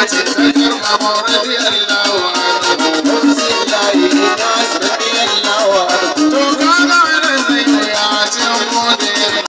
I ce, to mama radiyallahu